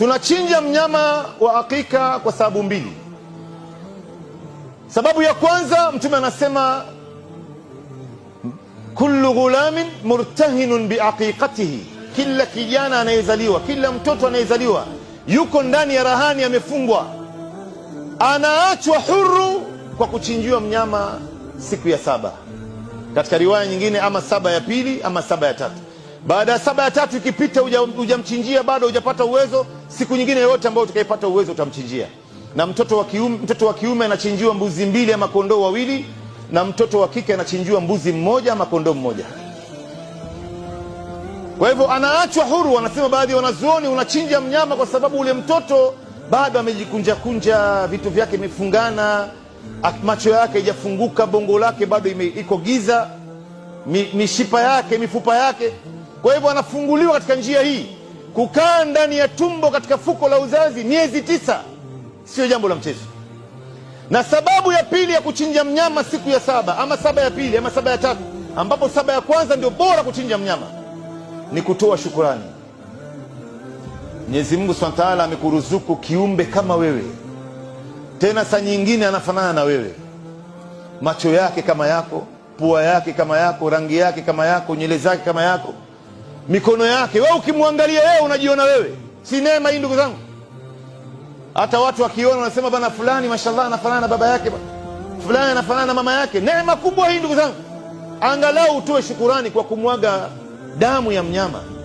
Tunachinja mnyama wa akika kwa sababu mbili. Sababu ya kwanza, Mtume anasema kullu ghulamin murtahinun biaqiqatihi, kila kijana anayezaliwa, kila mtoto anayezaliwa yuko ndani ya rahani, amefungwa, anaachwa huru kwa kuchinjiwa mnyama siku ya saba, katika riwaya nyingine, ama saba ya pili ama saba ya tatu. Baada ya saba ya tatu ikipita hujamchinjia bado hujapata uwezo, siku nyingine yoyote ambayo utakaipata uwezo utamchinjia. Na mtoto wa kiume, mtoto wa kiume anachinjiwa mbuzi mbili ama kondoo wawili, na mtoto wa kike anachinjiwa mbuzi mmoja ama kondoo mmoja. Kwa hivyo anaachwa huru. Wanasema baadhi ya wanazuoni, unachinja mnyama kwa sababu ule mtoto bado amejikunjakunja, vitu vyake imefungana, macho yake haijafunguka, bongo lake bado iko giza, mishipa yake, mifupa yake kwa hivyo anafunguliwa katika njia hii. Kukaa ndani ya tumbo katika fuko la uzazi miezi tisa sio jambo la mchezo. Na sababu ya pili ya kuchinja mnyama siku ya saba ama saba ya pili ama saba ya tatu, ambapo saba ya kwanza ndio bora kuchinja mnyama, ni kutoa shukurani. Mwenyezi Mungu Subhanahu wa Ta'ala amekuruzuku kiumbe kama wewe, tena saa nyingine anafanana na wewe, macho yake kama yako, pua yake kama yako, rangi yake kama yako, nywele zake kama yako mikono yake. Wewe ukimwangalia wewe unajiona wewe. Si neema hii ndugu zangu? Hata watu wakiona wanasema bana, fulani mashallah anafanana na baba yake, fulani anafanana na mama yake. Neema kubwa hii ndugu zangu, angalau utoe shukurani kwa kumwaga damu ya mnyama.